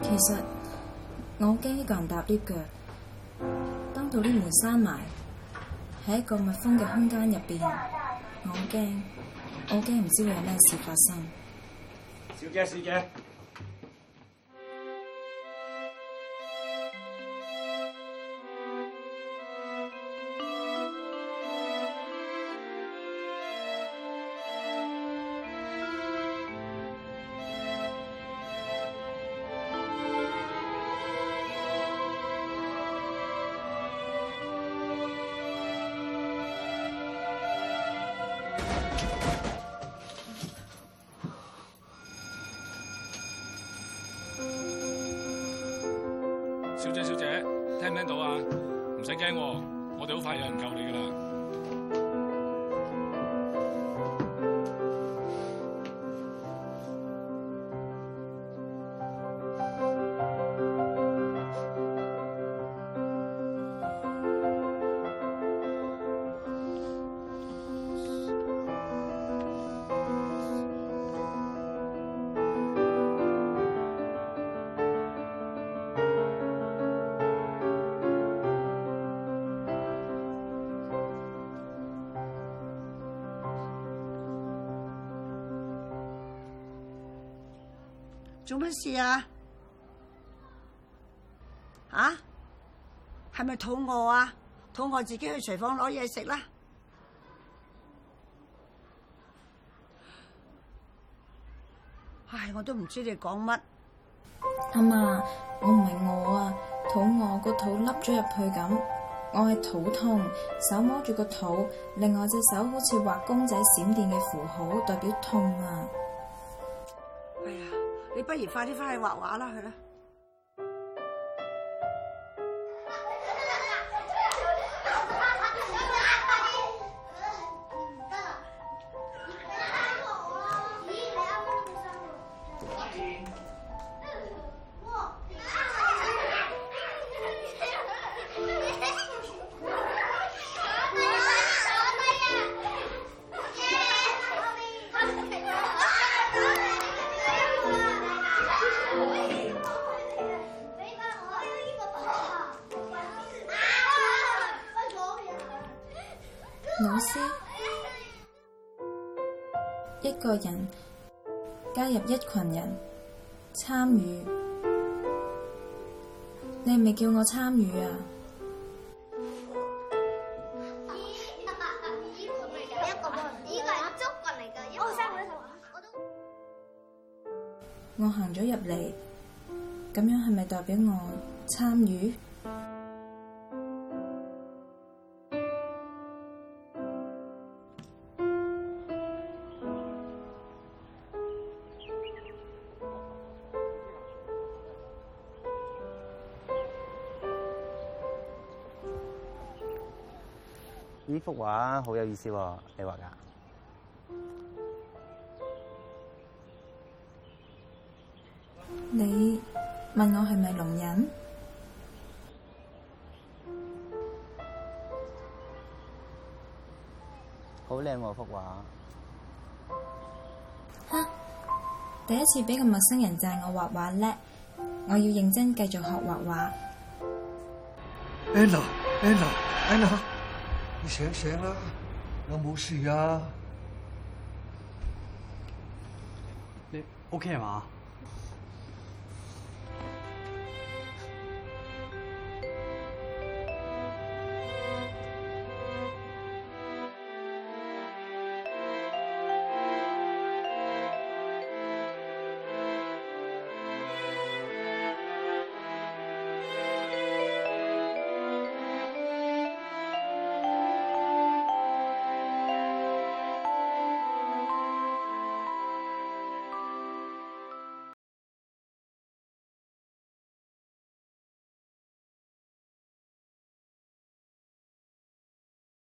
其實我好驚一個人搭 lift，當到啲門閂埋，喺一個密封嘅空間入邊，我好驚，我驚唔知會有咩事發生。小姐，小姐。小姐，小姐，聽唔聽到啊？唔使驚，我哋好快有人救你噶啦。做乜事啊？啊？係咪肚餓啊？肚餓自己去廚房攞嘢食啦。唉、哎，我都唔知你講乜。阿媽，我唔係餓啊，肚餓個肚凹咗入去咁，我係肚痛，手摸住個肚，另外隻手好似畫公仔閃電嘅符號，代表痛啊。你不如快啲返去畫畫去啦！老師，一個人加入一群人參與，你係咪叫我參與啊？依個咪一個，依個係個竹棍嚟噶。我行咗入嚟，咁樣係咪代表我參與？呢幅畫好有意思喎，啊，你畫噶？你問我係咪聾人？好靚喎幅畫！吓，第一次畀個陌生人讚我畫畫叻，我要認真繼續學畫畫。Anna, Anna, Anna。你醒醒啦，有冇事啊？你 OK 嗎？